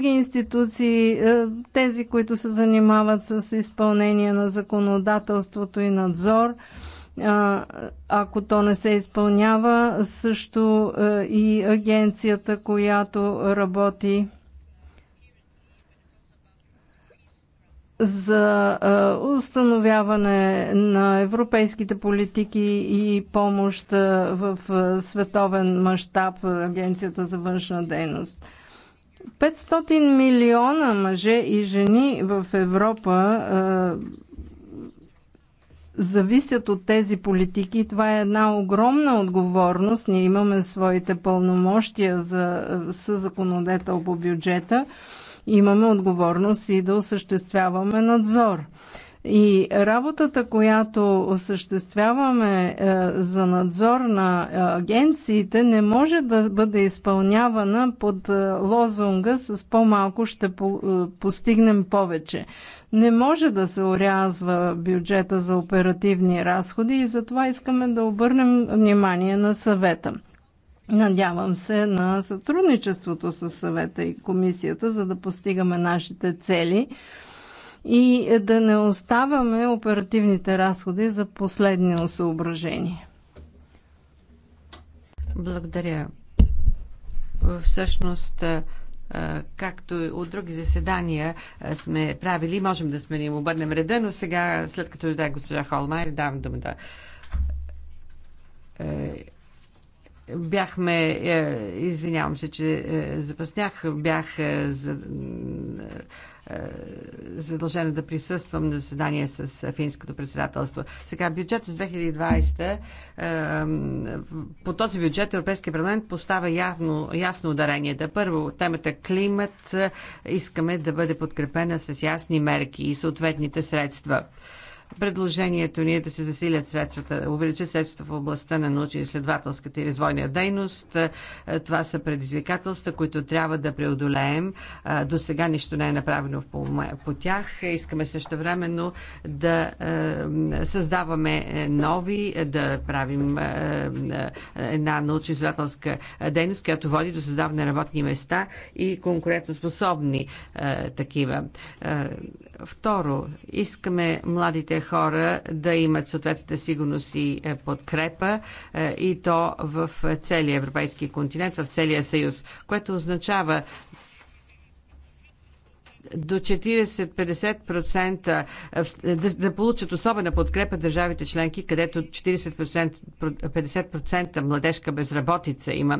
други институции, е, тези, които се занимават с изпълнение на законодателството и надзор, е, ако то не се изпълнява, също е, и агенцията, която работи за установяване на европейските политики и помощ в световен мащаб, Агенцията за външна дейност. 500 милиона мъже и жени в Европа зависят от тези политики. Това е една огромна отговорност. Ние имаме своите пълномощия за, за законодател по бюджета. Имаме отговорност и да осъществяваме надзор. И работата, която осъществяваме е, за надзор на е, агенциите, не може да бъде изпълнявана под е, лозунга с по-малко ще по постигнем повече. Не може да се орязва бюджета за оперативни разходи и затова искаме да обърнем внимание на съвета. Надявам се на сътрудничеството с съвета и комисията, за да постигаме нашите цели и да не оставаме оперативните разходи за последно съображения. Благодаря. Всъщност, както от други заседания сме правили, можем да сменим, обърнем реда, но сега, след като дойде госпожа Холмайер, давам думата бяхме, извинявам се, че запаснях, бях за задължена да присъствам на заседание с финското председателство. Сега бюджет с 2020. По този бюджет Европейския парламент поставя явно, ясно ударение. Да първо, темата климат искаме да бъде подкрепена с ясни мерки и съответните средства. Предложението ни е да се засилят средствата, увеличат средствата в областта на научно-изследователската и развойна дейност. Е, това са предизвикателства, които трябва да преодолеем. Е, до сега нищо не е направено по, по тях. Искаме също времено да е, създаваме нови, да правим една научно-изследователска дейност, която води до създаване на работни места и конкурентоспособни такива. Второ, искаме младите хора да имат съответната сигурност и е, подкрепа е, и то в целия европейски континент, в целия съюз, което означава до 40-50% е, да, да получат особена подкрепа държавите членки, където 40-50% младежка безработица има.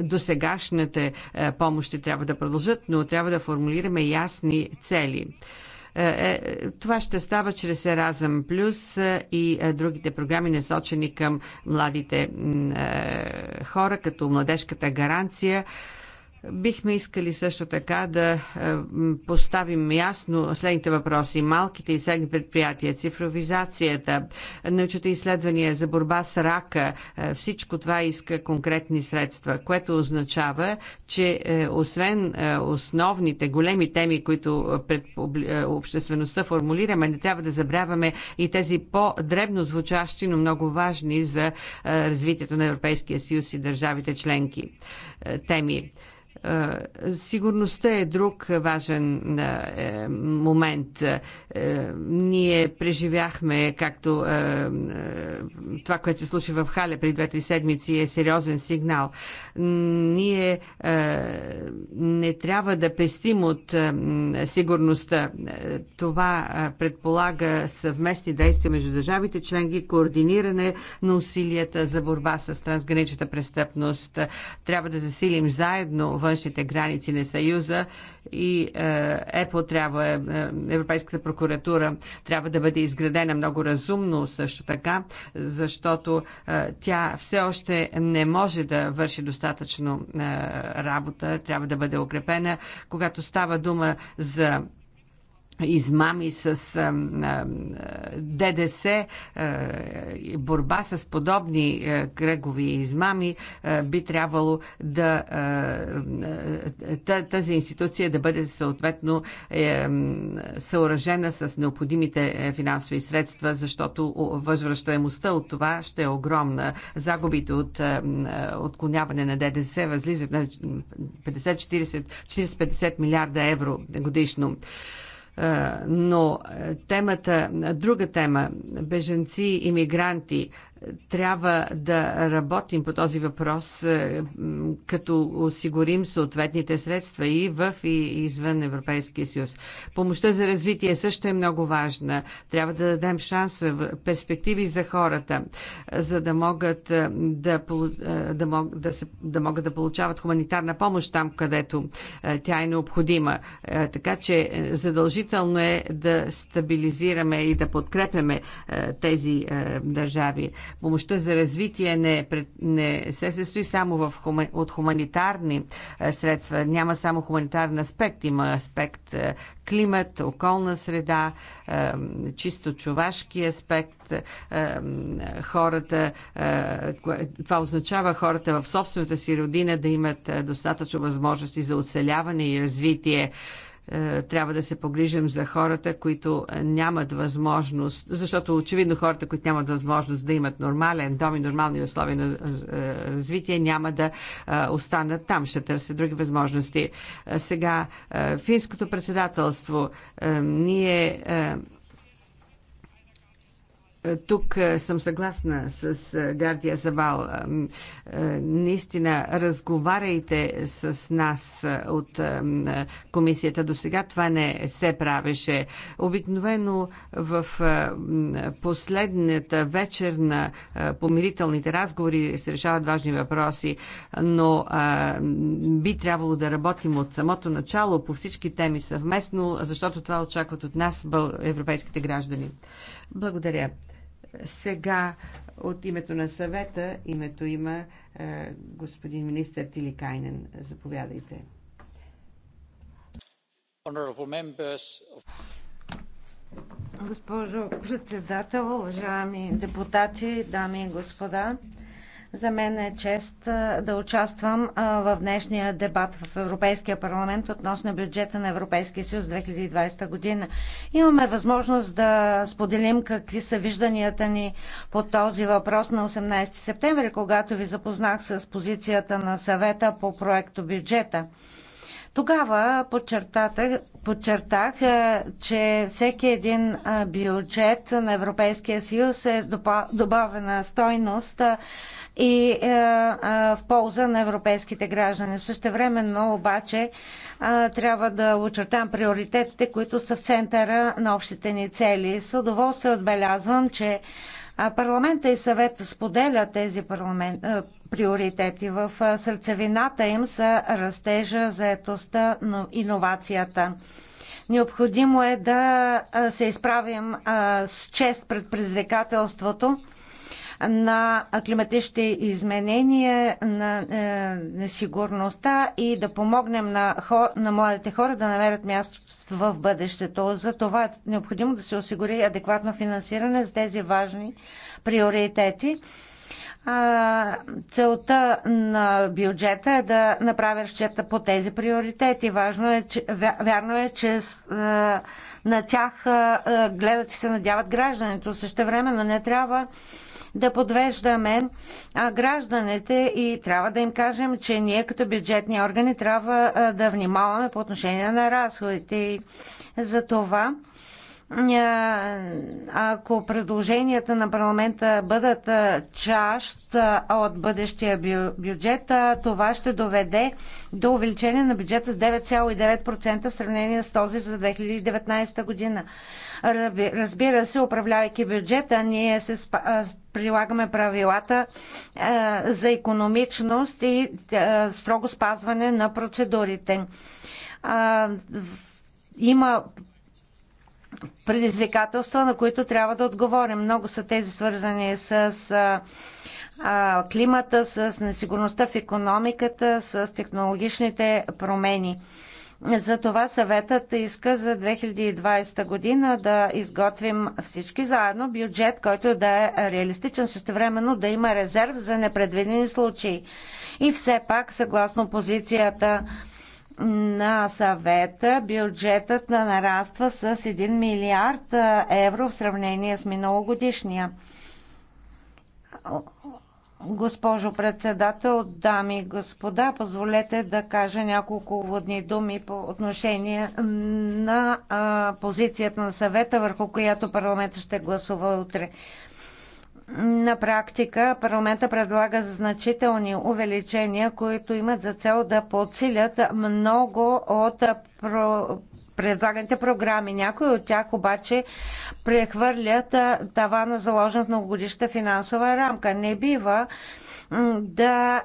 До сегашните помощи трябва да продължат, но трябва да формулираме ясни цели. Е, е, Това ще става чрез Еразъм Плюс е, и е, другите програми, насочени към младите хора, като младежката гаранция. Бихме искали също така да е, поставим ясно следните въпроси. Малките и средни предприятия, цифровизацията, научните изследвания за борба с рака, е, всичко това иска конкретни средства, което означава, че е, освен основните големи теми, които пред обществеността формулираме, не трябва да забравяме и тези по-дребно звучащи, но много важни за развитието на Европейския съюз и държавите членки теми. Сигурността е друг важен е, момент. Е, ние преживяхме, както е, това, което се случи в Хале при две-три седмици, е сериозен сигнал. Ние не трябва да пестим от сигурността. Това предполага съвместни действия между държавите членки, координиране на усилията за борба с трансграничната престъпност. Трябва да засилим заедно външната външните граници на Съюза и е, ЕПО трябва, е, е, Европейската прокуратура трябва да бъде изградена много разумно също така, защото тя все още не може да върши достатъчно работа, трябва да бъде укрепена. Когато става дума за измами с ДДС, борба с подобни кръгови измами би трябвало да тази институция да бъде съответно е, съоръжена с необходимите е, финансови средства, защото възвръщаемостта от това ще е огромна. Загубите от отклоняване на ДДС възлизат на 50-40-50 милиарда евро годишно но е, темата, друга тема, беженци, иммигранти, трябва да работим по този въпрос, е, като осигурим съответните средства и в и извън Европейския съюз. Помощта за развитие също е много важна. Трябва да дадем шансове, перспективи за хората, за да могат е, да, е, да, мог, да, се, да могат да получават хуманитарна помощ там, където тя е необходима. Така че задължително е да стабилизираме и да подкрепяме тези държави Помощта за развитие не, не се състои само в, от хуманитарни е, средства. Няма само хуманитарен аспект, има аспект е, климат, околна среда, е, чисто човашки аспект, хората, това означава хората в собствената си родина да имат достатъчно възможности за оцеляване и развитие. Е, трябва да се погрижим за хората, които нямат възможност, защото очевидно хората, които нямат възможност да имат нормален дом и нормални условия на е, развитие, няма да е, останат там, ще търсят други възможности. Сега, финското председателство, ние тук е, съм съгласна с е, Гардия Завал. Е, наистина, разговаряйте с нас от комисията до сега. Това не се правеше. Обикновено в последната вечер на помирителните разговори се решават важни въпроси, но би трябвало да работим от самото начало по всички теми съвместно, защото това очакват от нас европейските граждани. Благодаря. Сега от името на съвета, името има е, господин министър Тиликайнен. Заповядайте. Госпожо председател, уважаеми депутати, дами и господа, за мен е чест да участвам в днешния дебат в Европейския парламент относно бюджета на Европейския съюз 2020 година. Имаме възможност да споделим какви са вижданията ни по този въпрос на 18 септември, когато ви запознах с позицията на съвета по проекто бюджета. Тогава подчертах, е, че всеки един е, бюджет на Европейския съюз е добавена стойност е, и в полза на европейските граждани. Същевременно обаче трябва да очертам приоритетите, които са в центъра на общите ни цели. С удоволствие отбелязвам, че парламента и съвета споделят тези парламент, приоритети. В сърцевината им са растежа, заетостта, но иновацията. Необходимо е да се изправим с чест пред предизвикателството на климатичните изменения, на е, несигурността и да помогнем на, хор, на младите хора да намерят място в бъдещето. За това е необходимо да се осигури адекватно финансиране за тези важни приоритети целта на бюджета е да направя разчета по тези приоритети. Важно е, че, вярно е, че на тях гледат и се надяват гражданите. Също време, но не трябва да подвеждаме гражданите и трябва да им кажем, че ние като бюджетни органи трябва да внимаваме по отношение на разходите. И за това е, ако предложенията на парламента бъдат е, част е, от бъдещия бюджет, това ще доведе до увеличение на бюджета с 9,9% в сравнение с този за 2019 година. Разбира се, управлявайки бюджета, ние се прилагаме правилата за економичност и строго спазване на процедурите. Има предизвикателства, на които трябва да отговорим. Много са тези свързани с климата, с несигурността в економиката, с технологичните промени. Затова съветът иска за 2020 година да изготвим всички заедно бюджет, който да е реалистичен, същевременно да има резерв за непредвидени случаи. И все пак, съгласно позицията на съвета бюджетът да нараства с 1 милиард евро в сравнение с миналогодишния. Госпожо председател, дами и господа, позволете да кажа няколко водни думи по отношение на позицията на съвета, върху която парламентът ще гласува утре. На практика парламента предлага значителни увеличения, които имат за цел да подсилят много от про... предлаганите програми. Някои от тях обаче прехвърлят тавана заложен в многогодишната финансова рамка. Не бива да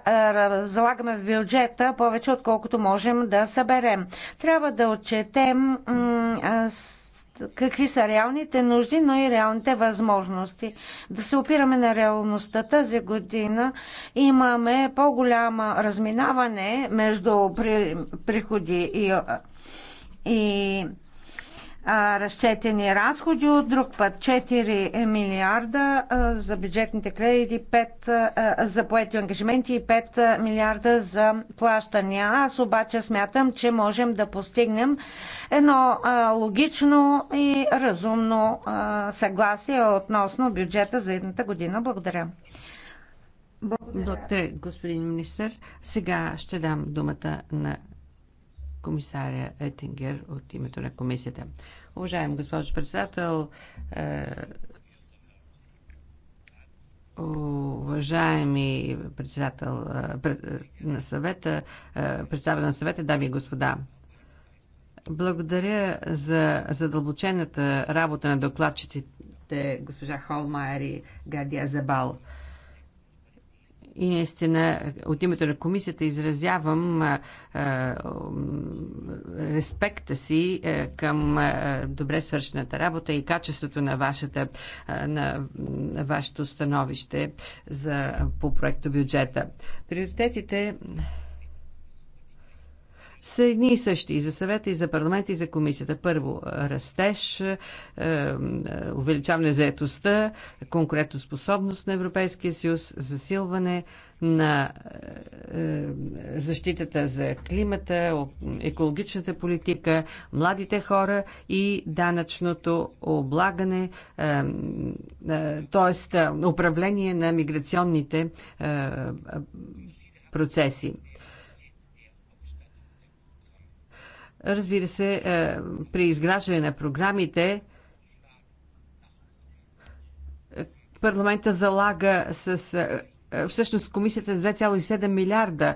залагаме в бюджета повече, отколкото можем да съберем. Трябва да отчетем с какви са реалните нужди, но и реалните възможности. Да се опираме на реалността тази година имаме по-голяма разминаване между приходи и, и разчетени разходи, от друг път 4 милиарда за бюджетните кредити, 5 за поети ангажименти и 5 милиарда за плащания. Аз обаче смятам, че можем да постигнем едно логично и разумно съгласие относно бюджета за едната година. Благодаря. Благодаря, господин министр. Сега ще дам думата на комисаря Етингер от името на комисията. Уважаем госпожо председател, е, уважаеми председател е, е, на съвета, председател на съвета, дами и господа, благодаря за задълбочената работа на докладчиците госпожа Холмайер и Гардия Забал и наистина от името на комисията изразявам а, а, респекта си а, към а, добре свършената работа и качеството на, вашата, а, на, на вашето становище за, по проекто бюджета. Приоритетите са едни и същи и за съвета, и за парламент, и за комисията. Първо, е, растеж, е, е, увеличаване заетостта, конкурентоспособност на Европейския съюз, засилване на защитата за климата, екологичната политика, младите хора и данъчното облагане, т.е. управление на миграционните процеси. Разбира се, е, при изграждане на програмите е, парламента залага с е, всъщност комисията с 2,7 милиарда е,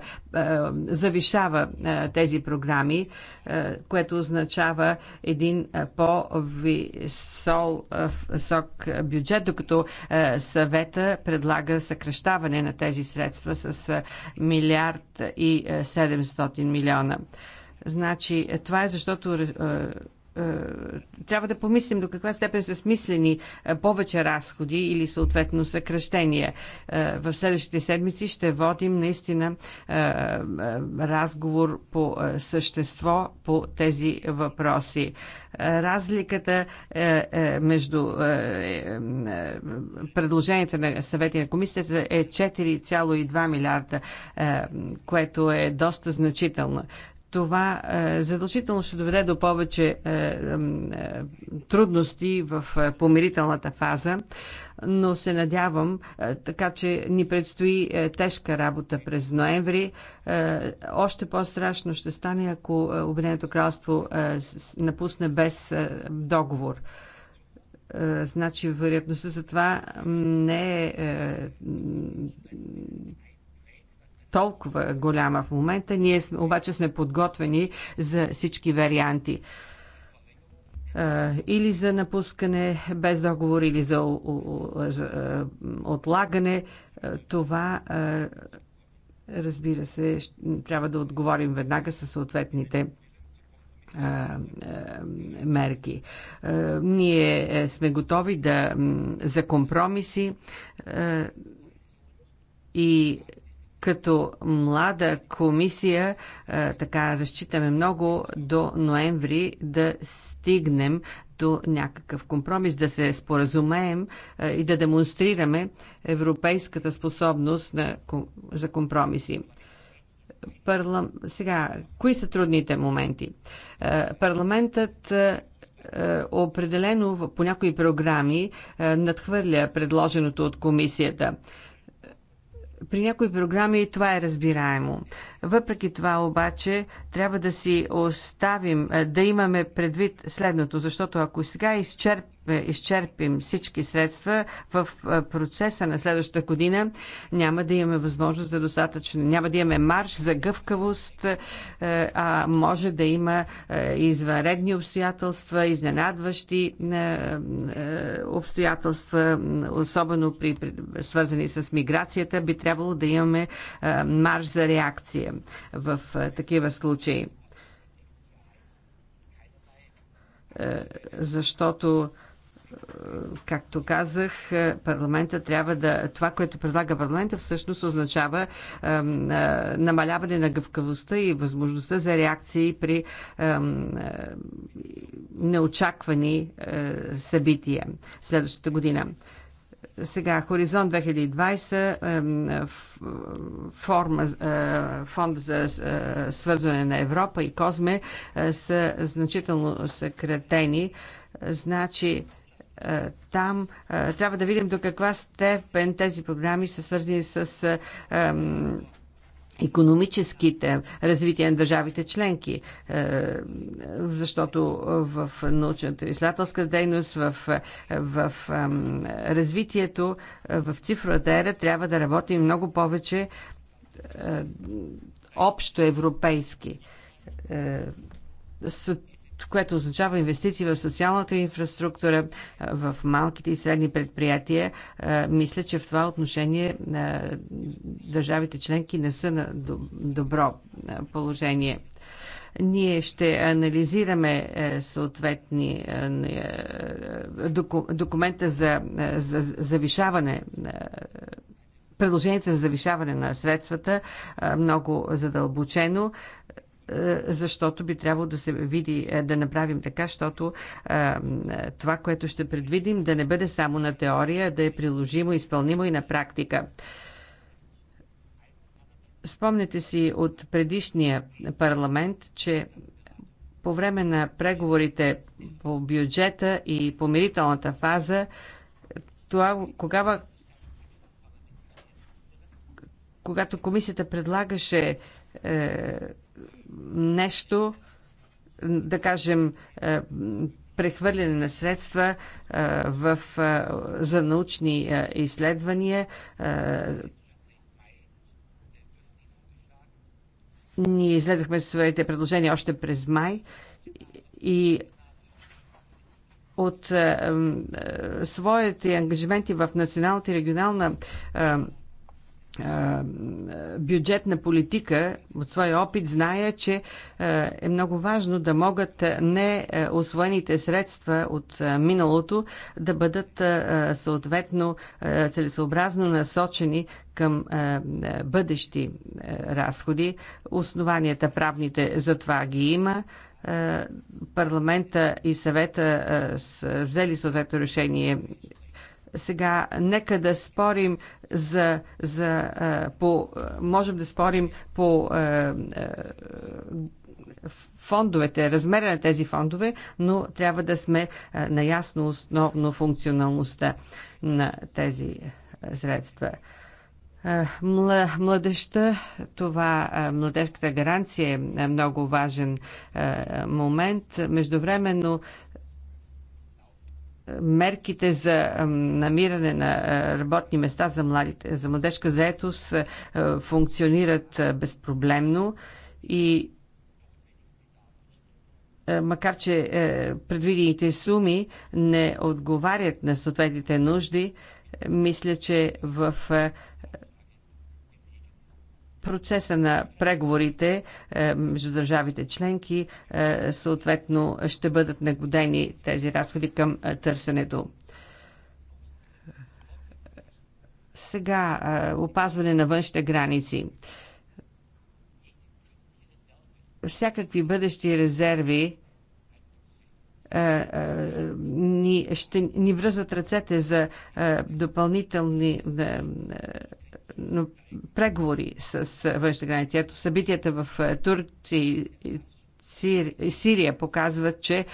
завишава е, тези програми, е, което означава един по-висок бюджет, докато съвета предлага съкрещаване на тези средства с милиард и 700 милиона. Значи, е, това е защото е, е, трябва да помислим до каква степен са смислени повече разходи или съответно съкръщения. В следващите седмици ще водим наистина разговор по същество по тези въпроси. Разликата между предложенията на съвети на комисията е 4,2 милиарда, което е доста значително това е, задължително ще доведе до повече е, е, трудности в помирителната фаза, но се надявам, така че ни предстои тежка работа през ноември. Още по-страшно ще стане, ако Обединеното кралство напусне без договор значи вероятността за това не е, толкова голяма в момента. Ние обаче сме подготвени за всички варианти е, или за напускане без договор, или за е, отлагане. Е, това, разбира се, трябва да отговорим веднага със съответните мерки. Ние сме готови да, за компромиси и като млада комисия, така разчитаме много до ноември да стигнем до някакъв компромис, да се споразумеем и да демонстрираме европейската способност за компромиси. Парлам... Сега, кои са трудните моменти? Парламентът определено по някои програми надхвърля предложеното от комисията при някои програми това е разбираемо. Въпреки това обаче трябва да си оставим, е, да имаме предвид следното, защото ако сега изчерп е, изчерпим всички средства, в е, процеса на следващата година няма да имаме възможност за достатъчно, няма да имаме марш за гъвкавост, е, а може да има извънредни обстоятелства, изненадващи обстоятелства, особено при, свързани с миграцията, би трябвало да имаме марш за реакция в такива случаи защото както казах, е, парламента трябва да. Това, което предлага парламента, всъщност означава е, е, намаляване на гъвкавостта и възможността за реакции при е, е неочаквани е, събития следващата година. Сега, Хоризонт 2020, форма, фонд за свързване на Европа и Козме са значително съкратени. Значи, е, там е, трябва да видим до каква степен тези програми са свързани с економическите развитие на държавите членки, е, защото в научната изследователска дейност, в, в развитието, в цифровата ера трябва да работим много повече общо европейски което означава инвестиции в социалната инфраструктура, в малките и средни предприятия. Мисля, че в това отношение държавите членки не са на добро положение ние ще анализираме съответни документа за, завишаване предложенията за завишаване на средствата много задълбочено. Е, защото би трябвало да се види, е, да направим така, защото е, това, което ще предвидим, да не бъде само на теория, да е приложимо, изпълнимо и на практика. Спомняте си от предишния парламент, че по време на преговорите по бюджета и помирителната фаза, това, когато, когато комисията предлагаше е, нещо, да кажем, е, прехвърляне на средства е, в, е, за научни изследвания. Ние изледахме своите предложения още през май и от своите ангажименти в националната и регионална бюджетна политика от своя опит зная, че е много важно да могат не освоените средства от миналото да бъдат съответно целесообразно насочени към бъдещи разходи. Основанията правните за това ги има парламента и съвета са взели съответно решение сега, нека да спорим за, за по, можем да спорим по фондовете, размера на тези фондове, но трябва да сме наясно основно функционалността на тези средства. Младеща, това младежката гаранция е много важен момент. Междувременно мерките за намиране на работни места за, младите, за младежка заетост функционират безпроблемно и макар че предвидените суми не отговарят на съответните нужди, мисля, че в процеса на преговорите е, между държавите членки е, съответно ще бъдат нагодени тези разходи към е, търсенето. Сега опазване на външните граници. Всякакви бъдещи резерви ни, ще ни връзват ръцете за допълнителни преговори с външни граници. Ето събитията в е, Турция и Сирия показват, че е,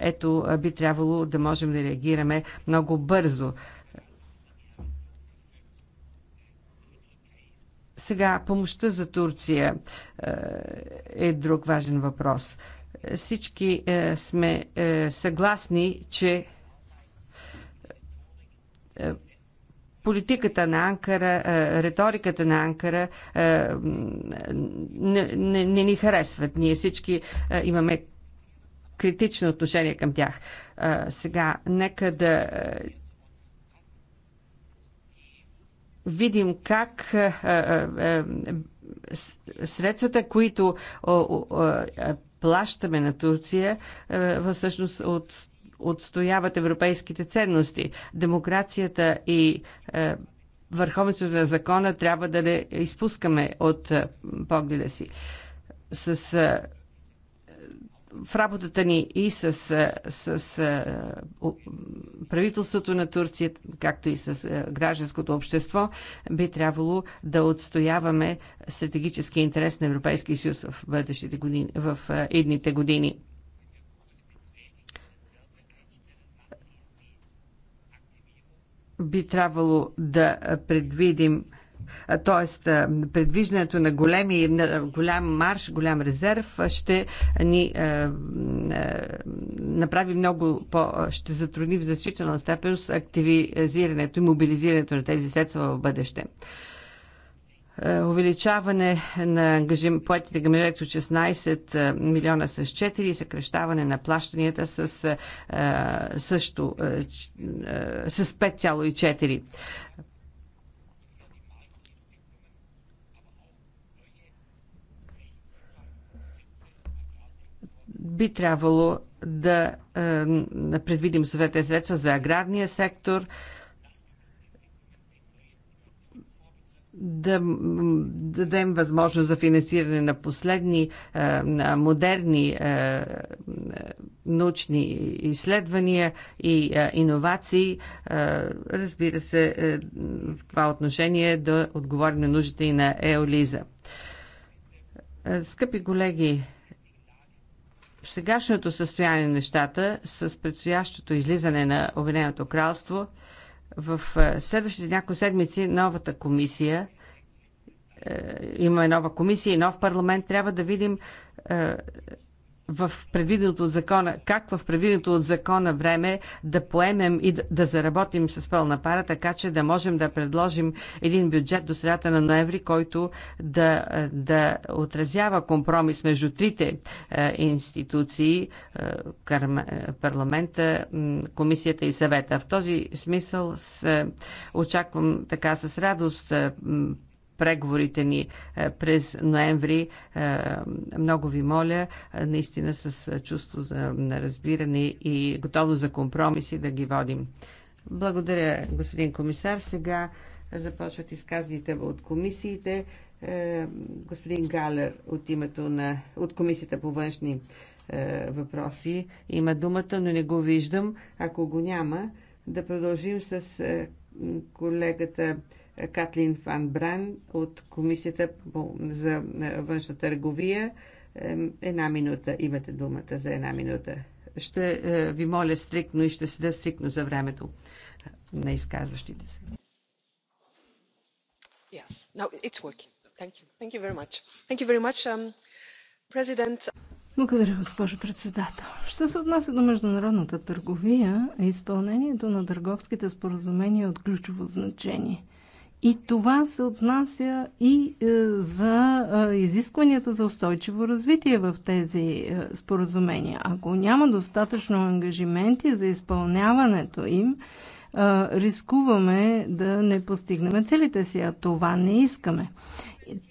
ето би трябвало да можем да реагираме много бързо. Сега, помощта за Турция е, е друг важен въпрос. Всички сме съгласни, че политиката на Анкара, е, риториката на Анкара е, не, не, не ни харесват. Ние всички е, имаме критично отношение към тях. Сега, нека да видим как средствата, които плащаме на Турция, всъщност от отстояват европейските ценности. Демокрацията и е, върховенството на закона трябва да не изпускаме от е, погледа си. С, е, в работата ни и с, е, с, е, правителството на Турция, както и с е, гражданското общество, би трябвало да отстояваме стратегически интерес на Европейския съюз в бъдещите години, в е, идните години. би трябвало да предвидим т.е. предвиждането на, големи, на голям марш, голям резерв ще ни е, е, направи много по... ще затрудни в значителна степен активизирането и мобилизирането на тези средства в бъдеще. Е, увеличаване на платите към 16 милиона с 4 и съкрещаване на плащанията с, е, също, е, с 5,4. би трябвало да предвидим съвете средства за аграрния сектор, да дадем възможност за финансиране на последни е, на модерни е, е, научни изследвания и иновации. Разбира се, в това отношение да отговорим на нуждите и на Еолиза. Скъпи колеги, в сегашното състояние на нещата с предстоящото излизане на Обединеното кралство – в е, следващите няколко седмици новата комисия, е, имаме нова комисия и нов парламент, трябва да видим е, в предвиденото от закона, как в предвиденото от закона време да поемем и да, да заработим с пълна пара, така че да можем да предложим един бюджет до средата на ноември, който да, е, да отразява компромис между трите е, институции, е, е парламента, комисията и съвета. В този смисъл с, е, очаквам така с радост е, преговорите ни е, през ноември. Е, много ви моля, е, наистина с чувство за разбиране и готово за компромиси да ги водим. Благодаря, господин комисар. Сега започват изказните от комисиите. Господин Галер от името на от комисията по външни въпроси има думата, но не го виждам. Ако го няма, да продължим с колегата Катлин Фан Бран от Комисията за е, външна търговия. Една минута. Имате думата за една минута. Ще е, ви моля стрикно и ще седа стрикно за времето на изказващите се. Yes. No, it's working. Thank you. Thank you very much. Thank you very much, um, President. Благодаря, госпожо председател. Що се отнася до международната търговия, изпълнението на търговските споразумения е от ключово значение – и това се отнася и е, за е, изискванията за устойчиво развитие в тези е, споразумения. Ако няма достатъчно ангажименти за изпълняването им, рискуваме да не постигнем целите си, а това не искаме.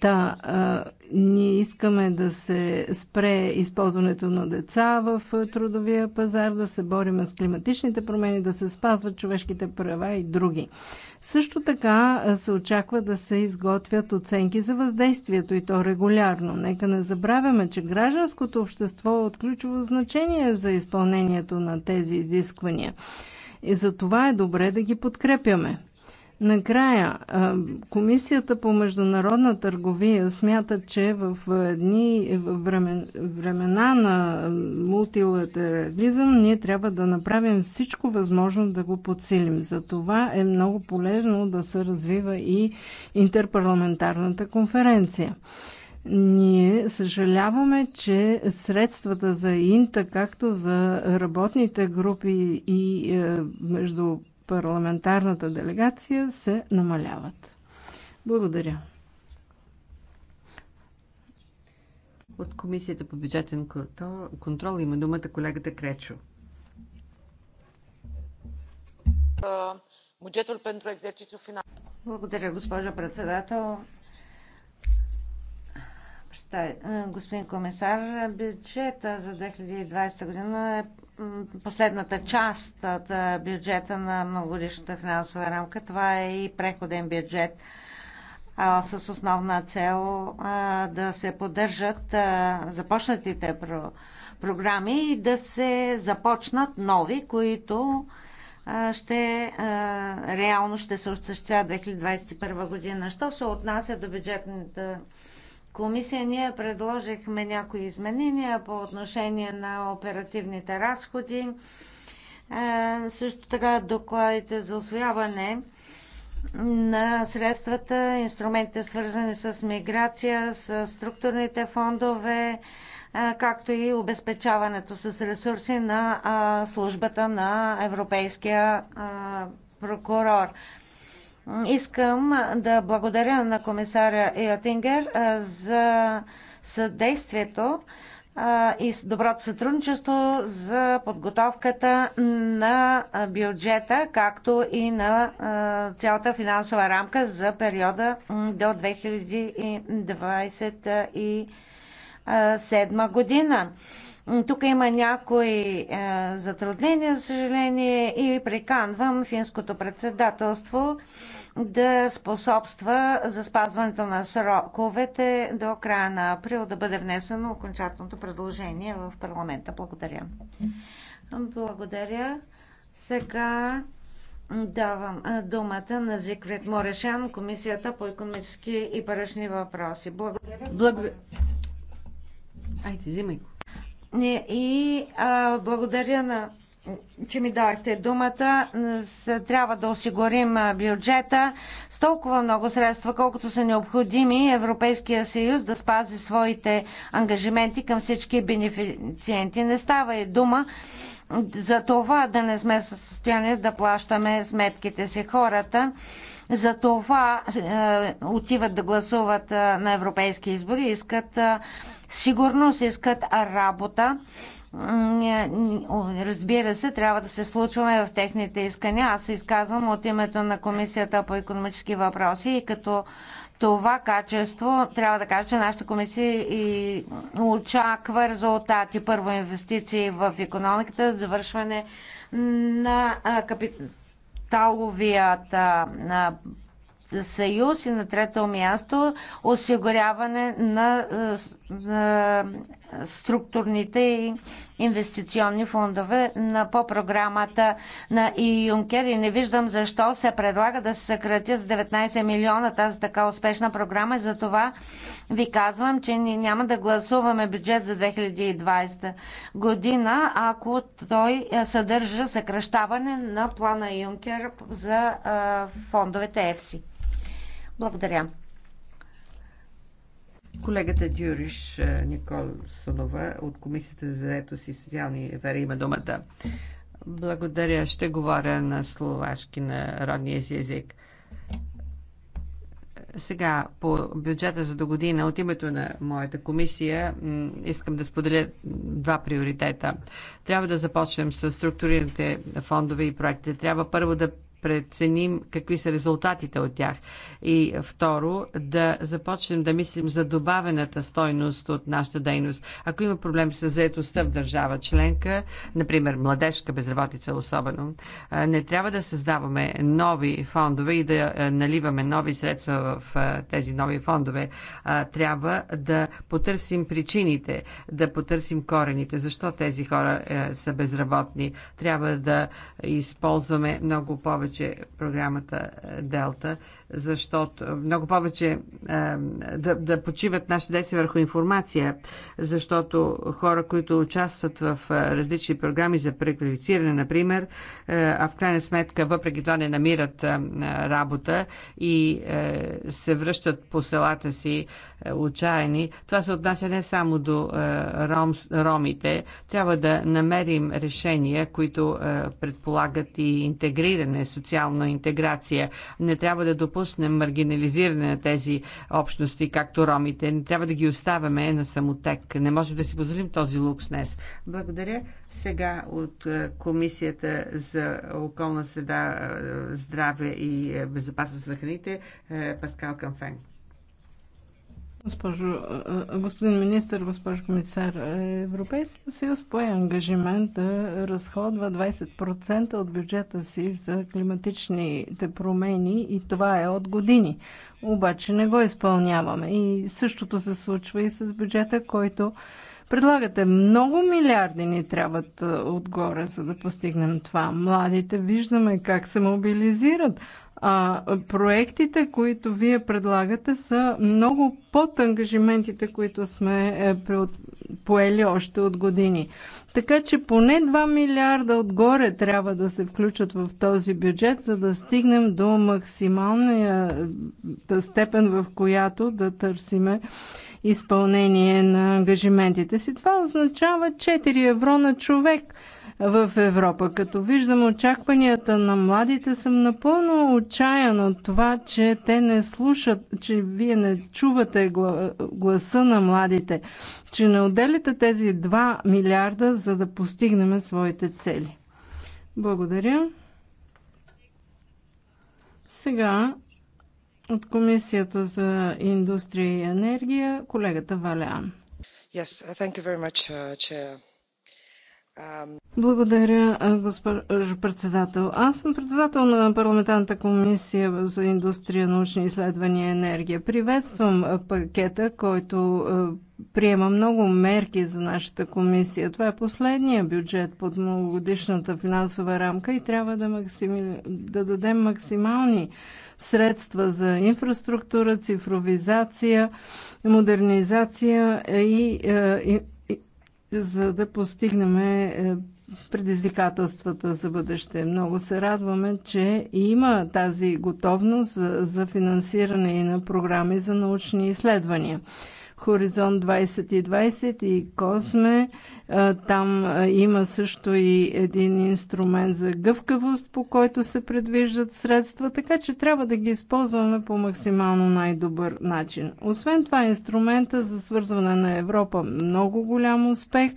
Та, а, ние искаме да се спре използването на деца в трудовия пазар, да се бориме с климатичните промени, да се спазват човешките права и други. Също така се очаква да се изготвят оценки за въздействието и то регулярно. Нека не забравяме, че гражданското общество е от ключово значение за изпълнението на тези изисквания. И за това е добре да ги подкрепяме. Накрая, Комисията по международна търговия смята, че в дни времена на мултилатерализъм ние трябва да направим всичко възможно да го подсилим. За това е много полезно да се развива и интерпарламентарната конференция. Ние съжаляваме, че средствата за Инта, както за работните групи и е, между парламентарната делегация се намаляват. Благодаря. От Комисията по бюджетен контрол, контрол има думата колегата Кречо. Бюджетът pentru exercițiul финал. Благодаря, госпожа председател господин комисар. Бюджета за 2020 година е последната част от бюджета на многогодишната финансова рамка. Това е и преходен бюджет а, с основна цел а, да се поддържат а, започнатите про- програми и да се започнат нови, които ще, реално ще се осъществява 2021 година. Що се отнася до бюджетната комисия ние предложихме някои изменения по отношение на оперативните разходи, е, също така докладите за освояване на средствата, инструментите свързани с миграция, с структурните фондове, е, както и обезпечаването с ресурси на службата на Европейския прокурор. Искам да благодаря на комисаря Йотингер за съдействието и доброто сътрудничество за подготовката на бюджета, както и на цялата финансова рамка за периода до 2027 година. Тук има някои затруднения, за съжаление, и приканвам финското председателство да способства за спазването на сроковете до края на април да бъде внесено окончателното предложение в парламента. Благодаря. Благодаря. Сега давам думата на Зиквет Морешан, Комисията по економически и парични въпроси. Благодаря. Благодаря. Айде, взимай го. И а, благодаря на че ми дадахте думата. Трябва да осигурим бюджета с толкова много средства, колкото са необходими Европейския съюз да спази своите ангажименти към всички бенефициенти. Не става и дума за това да не сме в състояние да плащаме сметките си хората. За това е, отиват да гласуват е, на европейски избори, искат е, сигурност, искат работа Разбира се, трябва да се случваме в техните искания. Аз се изказвам от името на Комисията по економически въпроси и като това качество, трябва да кажа, че нашата комисия и очаква резултати. Първо инвестиции в економиката, завършване на капиталовият на съюз и на трето място осигуряване на, на структурните и инвестиционни фондове на, по програмата на и Юнкер и не виждам защо се предлага да се съкратят с 19 милиона тази така успешна програма и за това ви казвам, че ни няма да гласуваме бюджет за 2020 година, ако той е, съдържа съкръщаване на плана Юнкер за а, е, фондовете ЕФСИ. Благодаря. Колегата Дюриш е, Никол Сонова от Комисията за заетост и социални вери има думата. Благодаря. Ще говоря на словашки, на родния си език. Сега, по бюджета за до година, от името на моята комисия, искам да споделя два приоритета. Трябва да започнем с структурираните фондове и проекти. Трябва първо да преценим какви са резултатите от тях. И второ, да започнем да мислим за добавената стойност от нашата дейност. Ако има проблем с заетостта в държава членка, например младежка безработица особено, не трябва да създаваме нови фондове и да наливаме нови средства в тези нови фондове. Трябва да потърсим причините, да потърсим корените. Защо тези хора е, са безработни? Трябва да използваме много повече повече програмата е, Делта защото много повече е, да, да почиват нашите деца върху информация, защото хора, които участват в е, различни програми за преквалифициране, например, е, а в крайна сметка, въпреки това не намират работа и се връщат по селата си отчаяни, това се отнася не само до ром, ромите. Трябва да намерим решения, които предполагат и интегриране, социална интеграция. Не трябва да допускаме допуснем маргинализиране на тези общности, както ромите. Не трябва да ги оставяме на самотек. Не можем да си позволим този лукс днес. Благодаря. Сега от е, Комисията за околна среда, е, здраве и е, безопасност на храните Паскал Камфенг. Госпожо, господин министр, госпожо комисар, Европейския съюз пое ангажимент да разходва 20% от бюджета си за климатичните промени и това е от години. Обаче не го изпълняваме и същото се случва и с бюджета, който предлагате. Много милиарди ни трябват отгоре, за да постигнем това. Младите виждаме как се мобилизират. А проектите, които вие предлагате, са много под ангажиментите, които сме е, поели още от години. Така че поне 2 милиарда отгоре трябва да се включат в този бюджет, за да стигнем до максималния степен, в която да търсиме изпълнение на ангажиментите си. Това означава 4 евро на човек – в Европа. Като виждам очакванията на младите, съм напълно отчаян от това, че те не слушат, че вие не чувате гласа на младите, че не отделите тези 2 милиарда, за да постигнем своите цели. Благодаря. Сега от Комисията за индустрия и енергия колегата Валеан. Yes, thank you very much, uh, Chair. Благодаря, госпожо председател. Аз съм председател на парламентарната комисия за индустрия, научни изследвания и енергия. Приветствам пакета, който приема много мерки за нашата комисия. Това е последния бюджет под многогодишната финансова рамка и трябва да, максими... да дадем максимални средства за инфраструктура, цифровизация, модернизация и за да постигнем е, предизвикателствата за бъдеще. Много се радваме, че има тази готовност за финансиране и на програми за научни изследвания. Хоризонт 2020 и Косме. Там има също и един инструмент за гъвкавост, по който се предвиждат средства, така че трябва да ги използваме по максимално най-добър начин. Освен това, инструмента за свързване на Европа много голям успех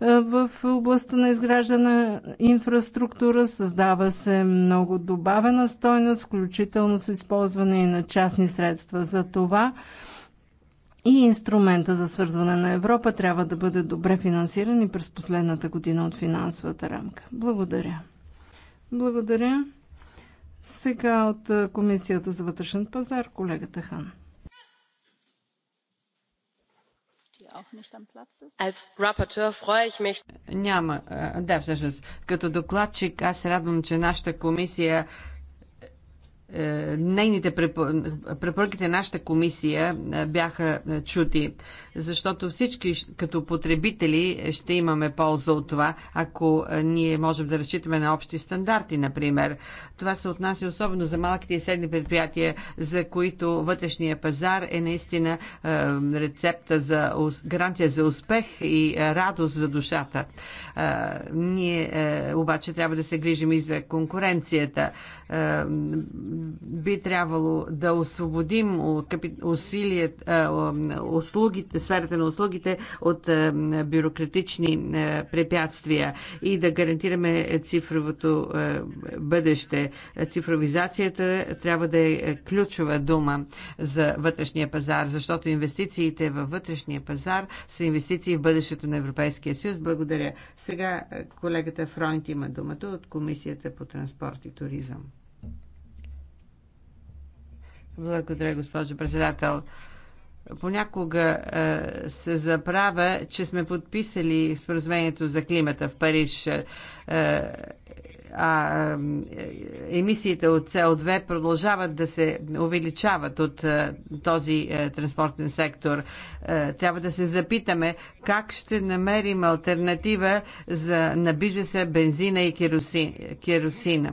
в областта на изграждане инфраструктура. Създава се много добавена стойност, включително с използване и на частни средства. За това и инструмента за свързване на Европа трябва да бъде добре финансиран и през последната година от финансовата рамка. Благодаря. Благодаря. Сега от Комисията за вътрешен пазар, колегата Хан. Няма. Да, всъщност, като докладчик аз радвам, че нашата комисия е, нейните препоръките на нашата комисия е, бяха е, чути, защото всички като потребители ще имаме полза от това, ако ние можем да разчитаме на общи стандарти, например. Това се отнася особено за малките и средни предприятия, за които вътрешния пазар е наистина рецепта за гаранция за успех и радост за душата. Ние обаче трябва да се грижим и за конкуренцията би трябвало да освободим от усилия, услугите, сферата на услугите от бюрократични препятствия и да гарантираме цифровото бъдеще. Цифровизацията трябва да е ключова дума за вътрешния пазар, защото инвестициите във вътрешния пазар са инвестиции в бъдещето на Европейския съюз. Благодаря. Сега колегата Фронт има думата от Комисията по транспорт и туризъм. Благодаря, госпожо председател. Понякога е, се забравя, че сме подписали споразумението за климата в Париж. Е, е а е, емисиите от СО2 продължават да се увеличават от е, този транспортен сектор. Трябва да се запитаме как ще намерим альтернатива за, на бизнеса бензина и керосина.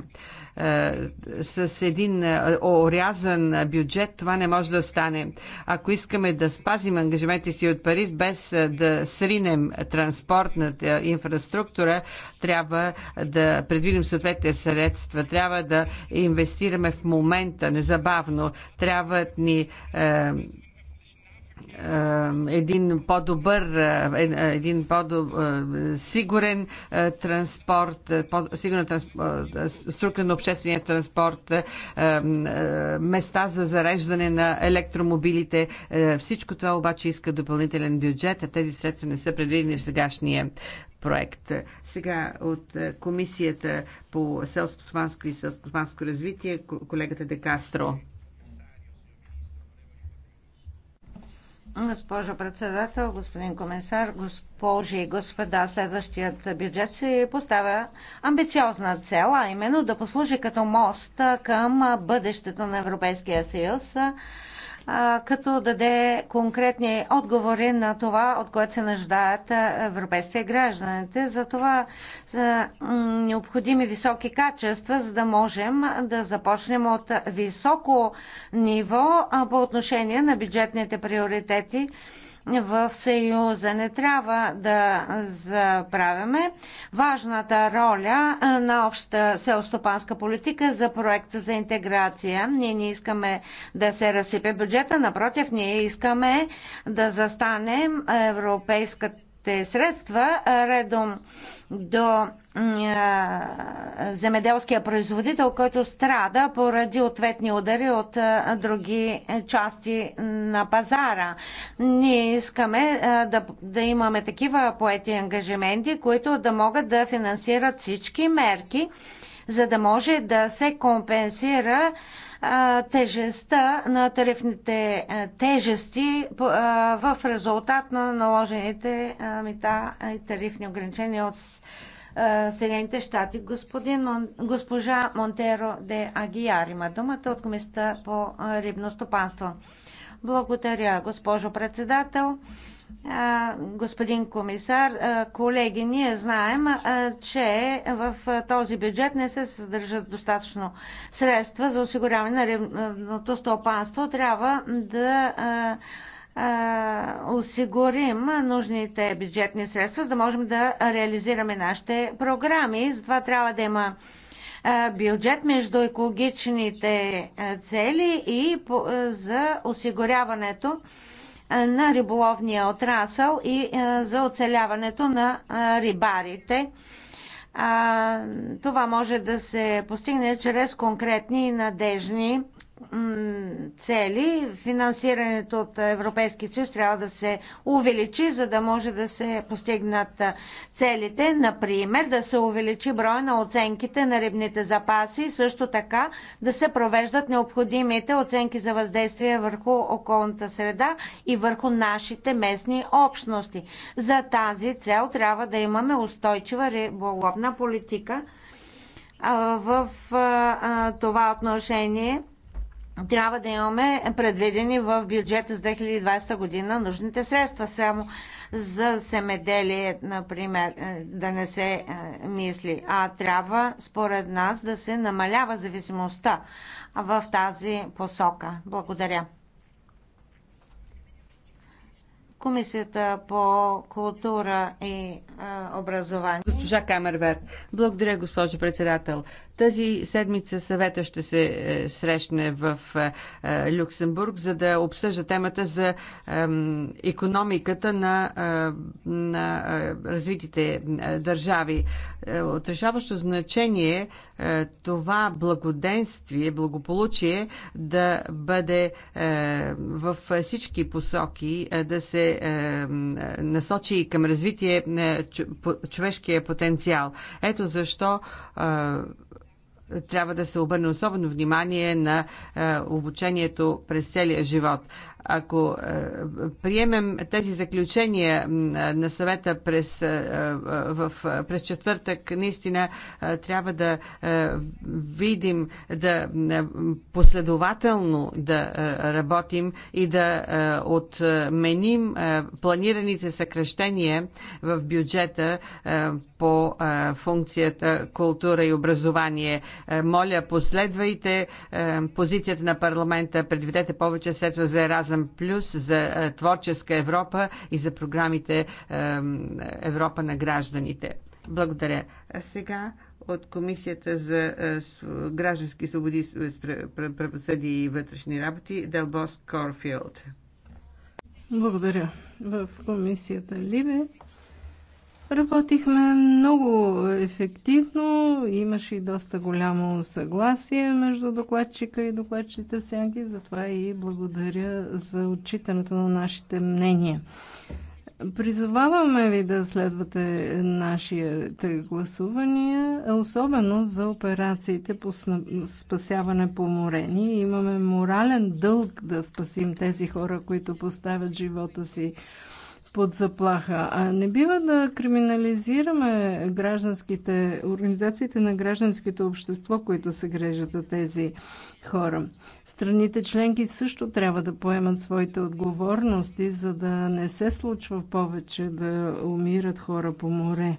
Е, с един е, орязан бюджет това не може да стане. Ако искаме да спазим ангажиментите си от Париж, без е, да сринем транспортната инфраструктура, трябва да предвидим съответните средства, трябва да инвестираме в момента, незабавно. Трябват ни е, един по-добър, е, е, един по-сигурен транспорт, по-сигурна структура на обществения транспорт, места за зареждане на електромобилите. Всичко това обаче иска допълнителен бюджет, а тези средства не са предвидени в сегашния проект. Сега от Комисията по селско-стопанско и селско-стопанско развитие колегата Декастро. Госпожо председател, господин комисар, госпожи и господа, следващият бюджет се поставя амбициозна цел, а именно да послужи като мост към бъдещето на Европейския съюз като даде конкретни отговори на това, от което се нуждаят европейските гражданите. За това са необходими високи качества, за да можем да започнем от високо ниво по отношение на бюджетните приоритети в Съюза. Не трябва да забравяме важната роля на обща селстопанска политика за проекта за интеграция. Ние не искаме да се разсипе бюджета, напротив, ние искаме да застанем европейската техните средства, редом до земеделския производител, който страда поради ответни удари от други части на пазара. Ние искаме да, да имаме такива поети ангажименти, които да могат да финансират всички мерки, за да може да се компенсира тежестта на тарифните тежести в резултат на наложените мита и тарифни ограничения от Съединените щати. Господин, госпожа Монтеро де Агияр има думата от Комисията по рибно стопанство. Благодаря, госпожо председател господин комисар, колеги, ние знаем, че в този бюджет не се съдържат достатъчно средства за осигуряване на ревното стопанство. Трябва да осигурим нужните бюджетни средства, за да можем да реализираме нашите програми. Затова трябва да има бюджет между екологичните цели и за осигуряването е, на риболовния отрасъл и е, за оцеляването на е, рибарите. Това може да се постигне чрез конкретни и надежни цели, финансирането от Европейския съюз трябва да се увеличи, за да може да се постигнат целите. Например, да се увеличи броя на оценките на рибните запаси, също така да се провеждат необходимите оценки за въздействие върху околната среда и върху нашите местни общности. За тази цел трябва да имаме устойчива риболовна политика в това отношение трябва да имаме предвидени в бюджета с 2020 година нужните средства. Само за семеделие, например, е, да не се е, мисли, а трябва според нас да се намалява зависимостта в тази посока. Благодаря. Комисията по култура и е, образование. Госпожа Камерверт, благодаря, госпожо председател. Тази седмица съвета ще се е, срещне в е, е, Люксембург, за да обсъжда темата за економиката на, на развитите държави. От решаващо значение това благоденствие, благополучие да бъде в всички посоки, да се насочи и към развитие на човешкия потенциал. Ето защо трябва да се обърне особено внимание на е, обучението през целия живот. Ако е, приемем тези заключения на съвета през, е, в, през четвъртък, наистина трябва да видим, да последователно да работим и да отменим планираните съкръщения в бюджета по функцията култура и образование. Е, моля, последвайте е, позицията на парламента, предвидете повече средства за Еразъм Плюс, за е, творческа Европа и за програмите Европа на гражданите. Благодаря. А сега от Комисията за граждански свободи, правосъдие и вътрешни работи Делбос Корфилд. Благодаря. В комисията Либе Работихме много ефективно, имаше и доста голямо съгласие между докладчика и докладчите сянки, затова и благодаря за отчитането на нашите мнения. Призоваваме ви да следвате нашите гласувания, особено за операциите по спасяване по морени. имаме морален дълг да спасим тези хора, които поставят живота си под заплаха. А не бива да криминализираме гражданските, организациите на гражданското общество, които се грежат за тези хора. Страните членки също трябва да поемат своите отговорности, за да не се случва повече да умират хора по море.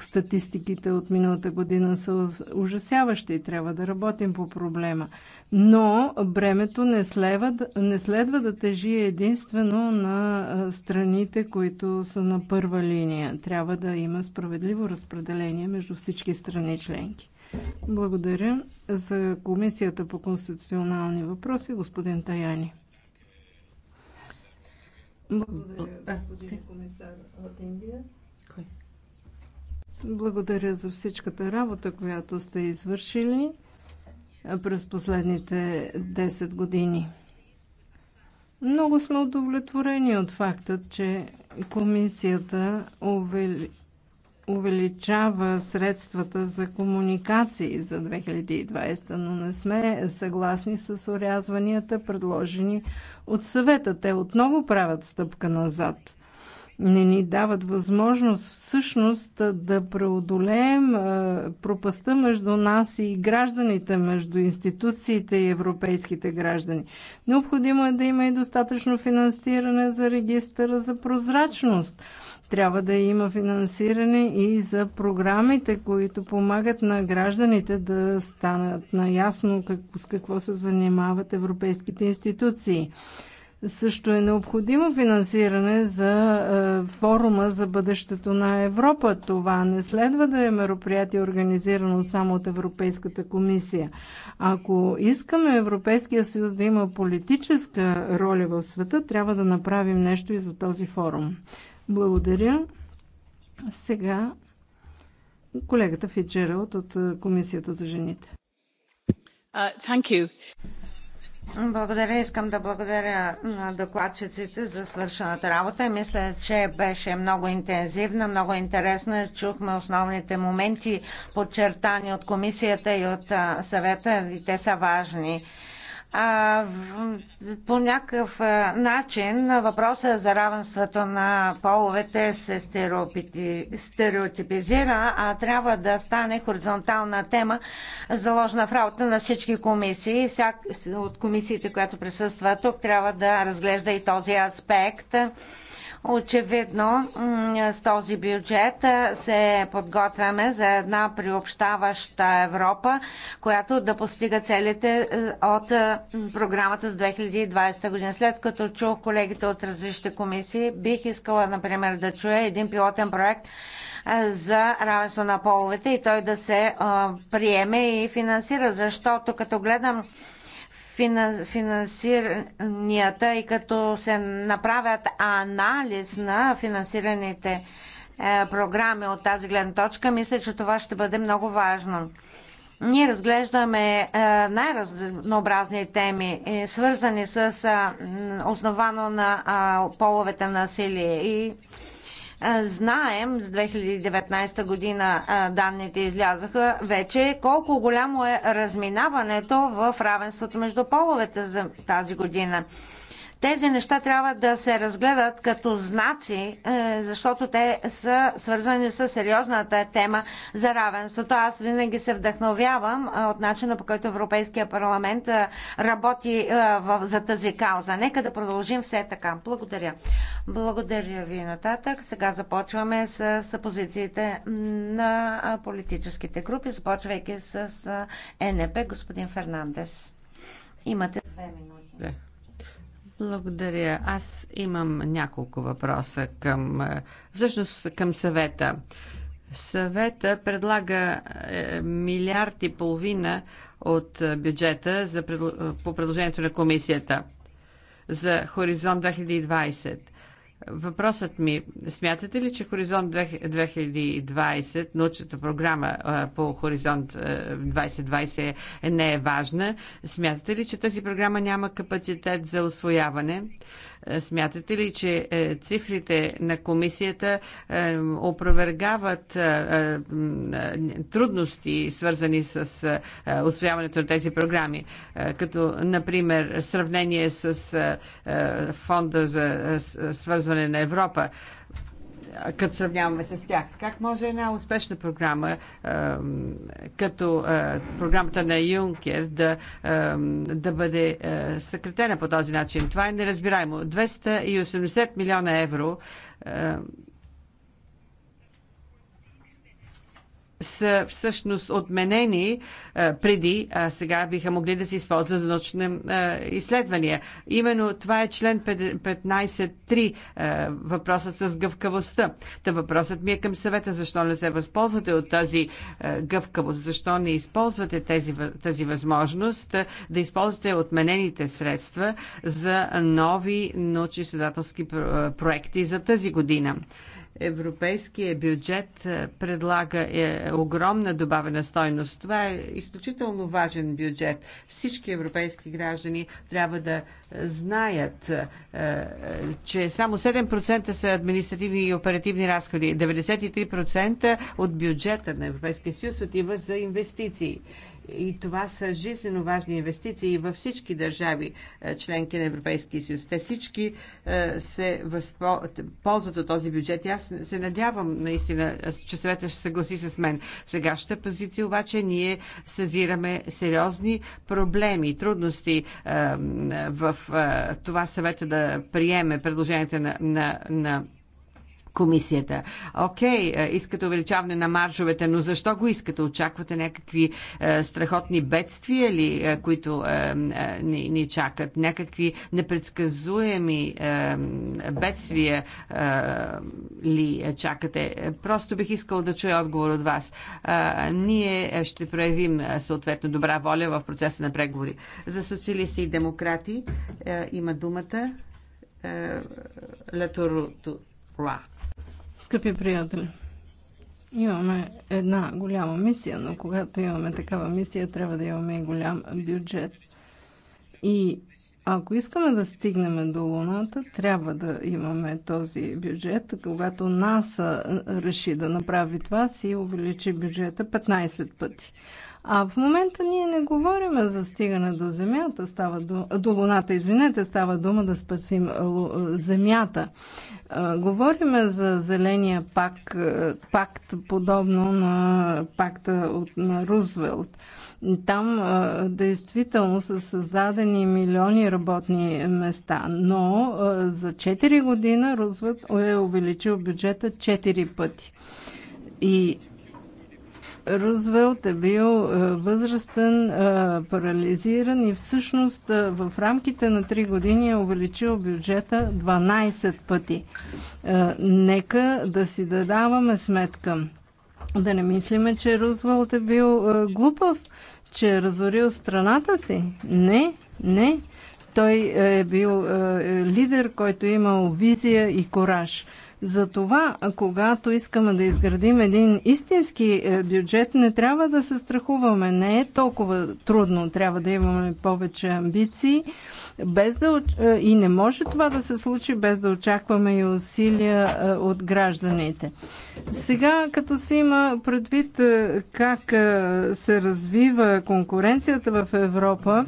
Статистиките от миналата година са ужасяващи и трябва да работим по проблема. Но бремето не следва, не следва да тежи единствено на страните, които са на първа линия. Трябва да има справедливо разпределение между всички страни членки. Благодаря за Комисията по конституционални въпроси, господин Таяни. Благодаря, господин комисар от Индия. Благодаря за всичката работа, която сте извършили през последните 10 години. Много сме удовлетворени от факта, че комисията увеличава средствата за комуникации за 2020, но не сме съгласни с орязванията, предложени от съвета. Те отново правят стъпка назад не ни дават възможност всъщност да преодолеем пропаста между нас и гражданите, между институциите и европейските граждани. Необходимо е да има и достатъчно финансиране за регистъра за прозрачност. Трябва да има финансиране и за програмите, които помагат на гражданите да станат наясно как, с какво се занимават европейските институции. Също е необходимо финансиране за е, форума за бъдещето на Европа. Това не следва да е мероприятие организирано само от Европейската комисия. Ако искаме Европейския съюз да има политическа роля в света, трябва да направим нещо и за този форум. Благодаря. Сега колегата Фиджералд от е, Комисията за жените. Uh, благодаря. Искам да благодаря на докладчиците за свършената работа. Мисля, че беше много интензивна, много интересна. Чухме основните моменти, подчертани от комисията и от съвета, и те са важни. А, по някакъв начин въпросът за равенството на половете се стереотипизира, а трябва да стане хоризонтална тема, заложена в работа на всички комисии. Всяка от комисиите, която присъства тук, трябва да разглежда и този аспект Очевидно с този бюджет се подготвяме за една приобщаваща Европа, която да постига целите е, от е, програмата с 2020 година. След като чух колегите от различните комисии, бих искала, например, да чуя един пилотен проект е, за равенство на половете и той да се приеме и финансира, защото като гледам финансиранията и като се направят анализ на финансираните е, програми от тази гледна точка, мисля, че това ще бъде много важно. Ние разглеждаме е, най-разнообразни теми, е, свързани с основано на половете насилие и Знаем, с 2019 година данните излязоха вече, колко голямо е разминаването в равенството между половете за тази година. Тези неща трябва да се разгледат като знаци, е, защото те са свързани с сериозната тема за равенството. Аз винаги се вдъхновявам е, от начина по който Европейския парламент е, работи за тази кауза. Нека да продължим все така. Благодаря. Благодаря ви нататък. Сега започваме с позициите на политическите групи, започвайки с НП. Господин Фернандес, имате две минути. Благодаря. Аз имам няколко въпроса към, е, всъщност към съвета. Съвета предлага е, милиард и половина от бюджета за, по предложението на комисията за Хоризонт 2020. Въпросът ми, смятате ли, че Хоризонт 2020, научната програма по Хоризонт 2020 е, не е важна? Смятате ли, че тази програма няма капацитет за освояване? Е, смятате ли, че е, цифрите на комисията е, опровергават трудности, свързани с освояването на тези програми, като, например, сравнение с фонда за свързване на Европа? като сравняваме с тях. Как може една успешна програма, като програмата на Юнкер, да, да бъде съкретена по този начин? Това е неразбираемо. 280 милиона евро са всъщност отменени а, е, преди, а сега биха могли да се използват за научни е, изследвания. Именно това е член 15.3, е, въпросът с гъвкавостта. Та въпросът ми е към съвета, защо не се възползвате от тази а, гъвкавост, защо не използвате тези, тази възможност а, да използвате отменените средства за нови научно-изследователски проекти за тази година. Европейския бюджет е, предлага е огромна добавена стойност. Това е изключително важен бюджет. Всички европейски граждани трябва да знаят, е, че само 7% са административни и оперативни разходи. 93% от бюджета на Европейския съюз отива за инвестиции. И това са жизненно важни инвестиции във всички държави, е, членки на Европейския съюз. Те всички е, се възпо... ползват от този бюджет. И аз се надявам наистина, е, че съвета ще съгласи с мен. В сегашната позиция обаче ние съзираме сериозни проблеми, трудности в това съвета да приеме предложенията на, на, на комисията. Окей, е, искате увеличаване на маржовете, но защо го искате? Очаквате някакви е, страхотни бедствия ли, е, които е, е ни, ни чакат? Някакви непредсказуеми е, бедствия е, ли чакате? Просто бих искал да чуя отговор от вас. Е, ние ще проявим е, съответно добра воля в процеса на преговори. За социалисти и демократи е, има думата. Е, Латур Скъпи приятели, имаме една голяма мисия, но когато имаме такава мисия, трябва да имаме и голям бюджет. И ако искаме да стигнем до Луната, трябва да имаме този бюджет. Когато НАСА реши да направи това, си увеличи бюджета 15 пъти. А в момента ние не говорим за стигане до земята, става до, до луната, извинете, става дума да спасим земята. Говориме за зеления пак, пакт, подобно на пакта от, на Рузвелт. Там действително са създадени милиони работни места, но за 4 година Рузвелт е увеличил бюджета 4 пъти. И Рузвелт е бил е, възрастен, е, парализиран и всъщност е, в рамките на 3 години е увеличил бюджета 12 пъти. Нека да си да даваме сметка. Да не мислиме, че Рузвелт е бил глупав, че е разорил страната си. Не, не. Той е бил лидер, който е имал визия и кораж. Затова, когато искаме да изградим един истински е, бюджет, не трябва да се страхуваме. Не е толкова трудно. Трябва да имаме повече амбиции. Без да, е, и не може това да се случи без да очакваме и усилия е, от гражданите. Сега, като се има предвид как се развива конкуренцията в Европа,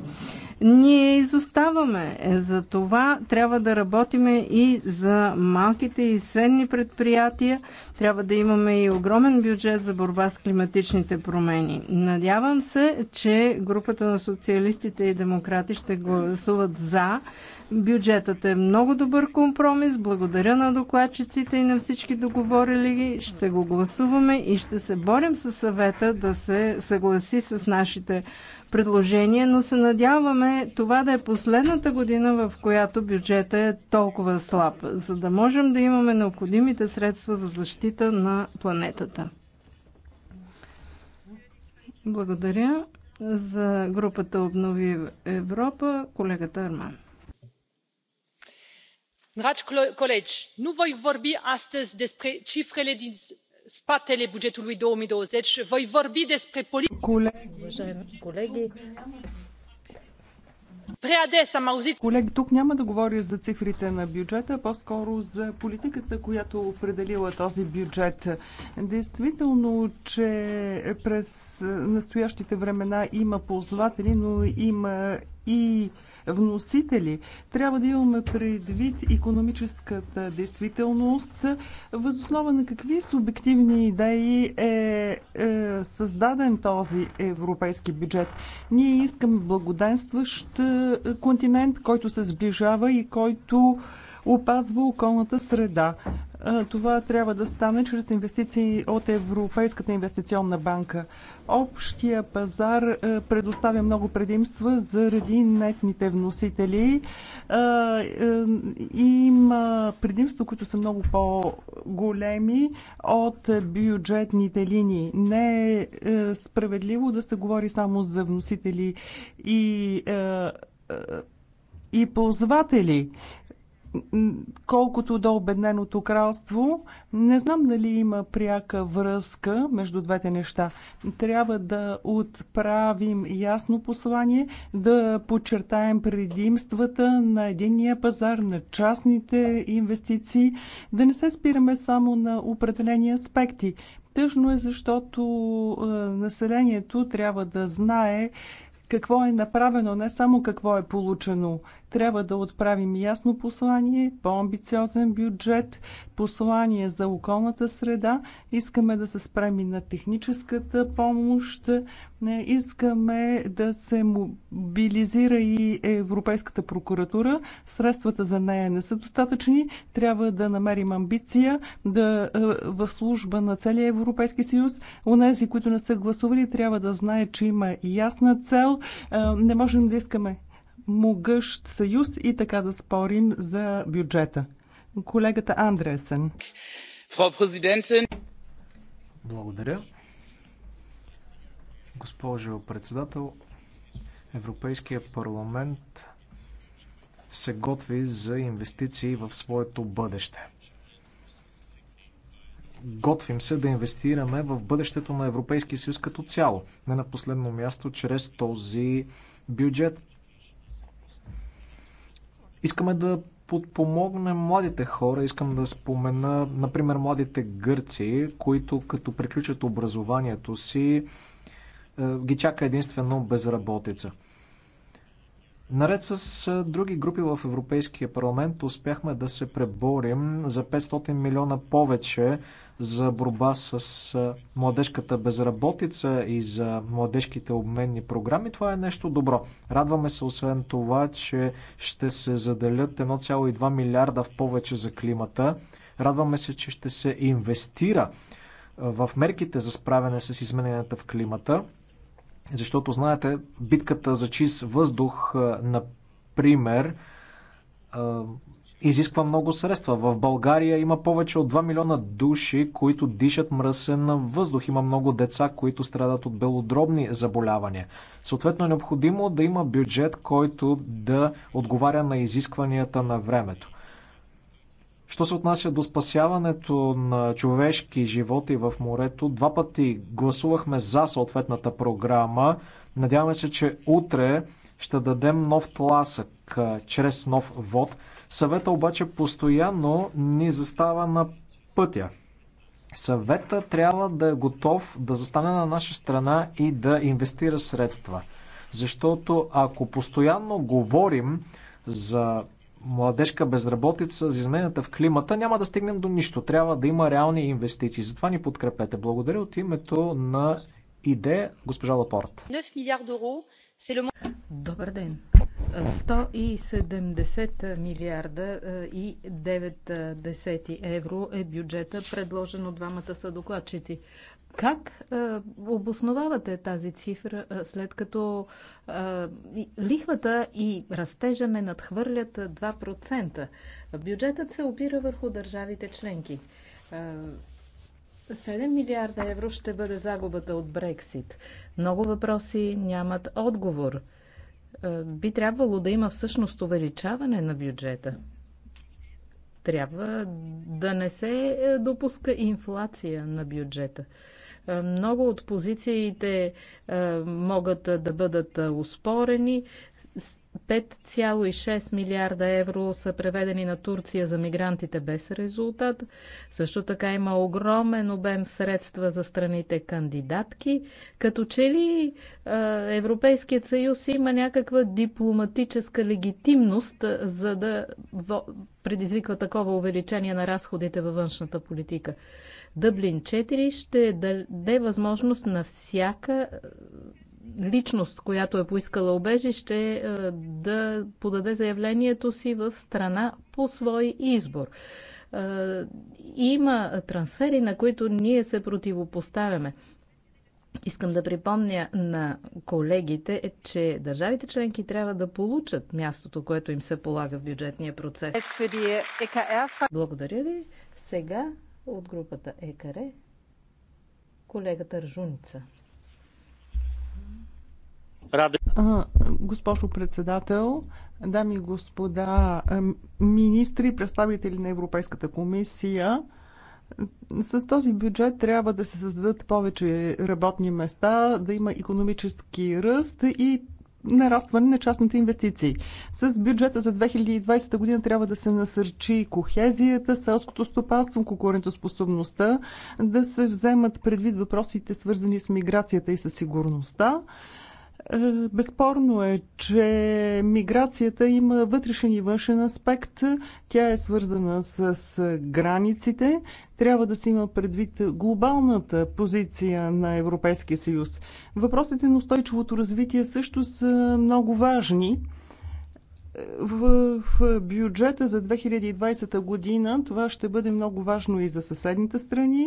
ние изоставаме. Е, за това трябва да работиме и за малките и средни предприятия. Трябва да имаме и огромен бюджет за борба с климатичните промени. Надявам се, че групата на социалистите и демократи ще гласуват за. Бюджетът е много добър компромис. Благодаря на докладчиците и на всички договорили ги. Ще го гласуваме и ще се борим с съвета да се съгласи с нашите предложение, но се надяваме това да е последната година, в която бюджета е толкова слаб, за да можем да имаме необходимите средства за защита на планетата. Благодаря за групата Обнови Европа, колегата Арман. Драги колеги, ние ще говорим днес за цифрите spatele bugetului două mii douăzeci voi vorbi despre prea des am auzit. Колег, тук няма да говоря за цифрите на бюджета, по-скоро за политиката, която определила този бюджет. Действително, че през настоящите времена има ползватели, но има и вносители. Трябва да имаме предвид економическата действителност, възоснова на какви субективни идеи е, е създаден този европейски бюджет. Ние искаме благоденстващ е, континент, който се сближава и който опазва околната среда. Това трябва да стане чрез инвестиции от Европейската инвестиционна банка. Общия пазар предоставя много предимства заради нетните вносители. Има предимства, които са много по-големи от бюджетните линии. Не е справедливо да се говори само за вносители и и ползватели колкото до обедненото кралство, не знам дали има пряка връзка между двете неща. Трябва да отправим ясно послание, да подчертаем предимствата на единния пазар, на частните инвестиции, да не се спираме само на определени аспекти. Тъжно е, защото е, населението трябва да знае какво е направено, не само какво е получено. Трябва да отправим ясно послание, по-амбициозен бюджет, послание за околната среда. Искаме да се спреми на техническата помощ. Искаме да се мобилизира и Европейската прокуратура. Средствата за нея не са достатъчни. Трябва да намерим амбиция да, е, в служба на целия Европейски съюз. Онези, които не са гласували, трябва да знаят, че има ясна цел. Е, не можем да искаме могъщ съюз и така да спорим за бюджета. Колегата Андресен. Фрау президентин. Благодаря. Госпожо председател, Европейския парламент се готви за инвестиции в своето бъдеще. Готвим се да инвестираме в бъдещето на Европейския съюз като цяло. Не на последно място, чрез този бюджет. Искаме да подпомогнем младите хора. Искам да спомена, например, младите гърци, които като приключат образованието си, е, ги чака единствено безработица. Наред с други групи в Европейския парламент успяхме да се преборим за 500 милиона повече за борба с младежката безработица и за младежките обменни програми. Това е нещо добро. Радваме се освен това, че ще се заделят 1,2 милиарда в повече за климата. Радваме се, че ще се инвестира в мерките за справяне с измененията в климата. Защото, знаете, битката за чист въздух, например, изисква много средства. В България има повече от 2 милиона души, които дишат мръсен въздух. Има много деца, които страдат от белодробни заболявания. Съответно е необходимо да има бюджет, който да отговаря на изискванията на времето. Що се отнася до спасяването на човешки животи в морето, два пъти гласувахме за съответната програма. Надяваме се, че утре ще дадем нов тласък чрез нов вод. Съвета обаче постоянно ни застава на пътя. Съвета трябва да е готов да застане на наша страна и да инвестира средства. Защото ако постоянно говорим за младежка безработица, за измената в климата, няма да стигнем до нищо. Трябва да има реални инвестиции. Затова ни подкрепете. Благодаря от името на ИДЕ, госпожа Лапорт. Добър ден. 170 милиарда е, и 9 десети евро е бюджета, предложен от двамата съдокладчици. Как е, обосновавате тази цифра, е, след като е, лихвата и растежа не надхвърлят 2%? Бюджетът се опира върху държавите членки. Е, 7 милиарда евро ще бъде загубата от Брексит. Много въпроси нямат отговор. Е, би трябвало да има всъщност увеличаване на бюджета. Трябва да не се е, допуска инфлация на бюджета. Е, много от позициите е, могат е, да бъдат успорени. 5,6 милиарда евро са преведени на Турция за мигрантите без резултат. Също така има огромен обем средства за страните кандидатки. Като че ли Европейският съюз има някаква дипломатическа легитимност, за да предизвиква такова увеличение на разходите във външната политика? Дъблин 4 ще даде възможност на всяка личност, която е поискала обежище, да подаде заявлението си в страна по свой избор. Има трансфери, на които ние се противопоставяме. Искам да припомня на колегите, че държавите членки трябва да получат мястото, което им се полага в бюджетния процес. Благодаря ви. Сега от групата ЕКАРЕ, колегата Ржуница. Госпожо председател, дами и господа министри, представители на Европейската комисия, с този бюджет трябва да се създадат повече работни места, да има економически ръст и нарастване на частните инвестиции. С бюджета за 2020 година трябва да се насърчи кохезията, селското стопанство, конкурентоспособността, да се вземат предвид въпросите свързани с миграцията и със сигурността. Е, безспорно е, че миграцията има вътрешен и външен аспект. Тя е свързана с границите. Трябва да се има предвид глобалната позиция на Европейския съюз. Въпросите на устойчивото развитие също са много важни в, в бюджета за 2020 година това ще бъде много важно и за съседните страни.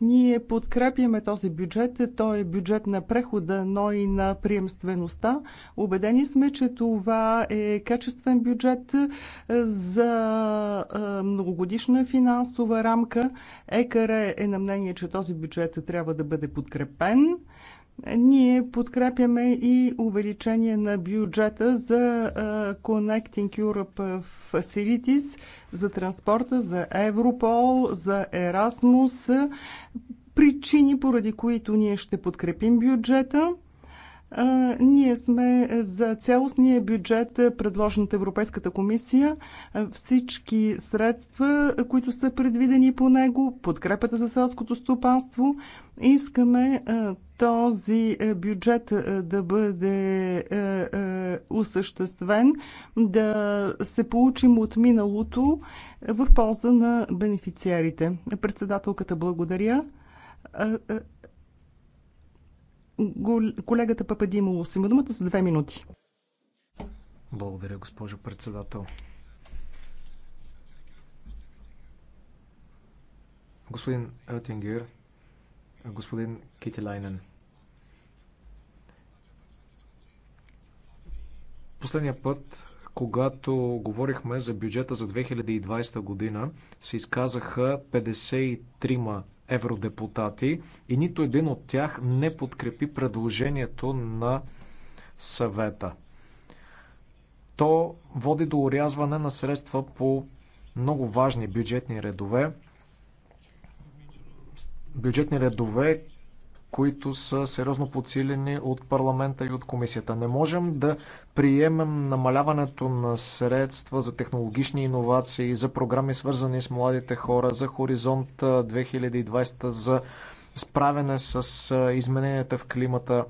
Ние подкрепяме този бюджет. Той е бюджет на прехода, но и на приемствеността. Обедени сме, че това е качествен бюджет е, за е, многогодишна финансова рамка. ЕКР е на мнение, че този бюджет трябва да бъде подкрепен. Ние подкрепяме и увеличение на бюджета за Connecting Europe Facilities, за транспорта, за Европол, за Erasmus. Причини, поради които ние ще подкрепим бюджета – ние сме за цялостния бюджет, предложен от Европейската комисия. Всички средства, които са предвидени по него, подкрепата за селското стопанство. Искаме този бюджет да бъде осъществен, да се получим от миналото в полза на бенефициарите. Председателката благодаря. Колегата Пападимово. си има думата за две минути. Благодаря, госпожо председател. Господин Елтингер, господин Китилайнен, Последния път, когато говорихме за бюджета за 2020 година, се изказаха 53 евродепутати и нито един от тях не подкрепи предложението на съвета. То води до урязване на средства по много важни бюджетни редове. Бюджетни редове, които са сериозно подсилени от парламента и от комисията. Не можем да приемем намаляването на средства за технологични иновации, за програми свързани с младите хора, за Хоризонт 2020, за справяне с измененията в климата.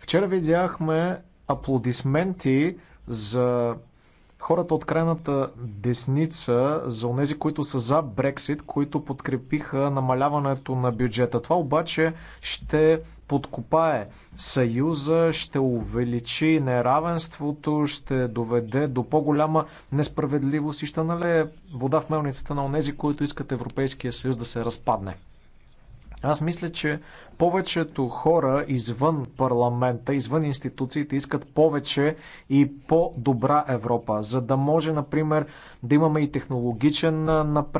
Вчера видяхме аплодисменти за хората от крайната десница, за онези, които са за Брексит, които подкрепиха намаляването на бюджета. Това обаче ще подкопае съюза, ще увеличи неравенството, ще доведе до по-голяма несправедливост и ще налее вода в мелницата на онези, които искат Европейския съюз да се разпадне. Аз мисля, че повечето хора извън парламента, извън институциите искат повече и по-добра Европа, за да може, например, да имаме и технологичен напред.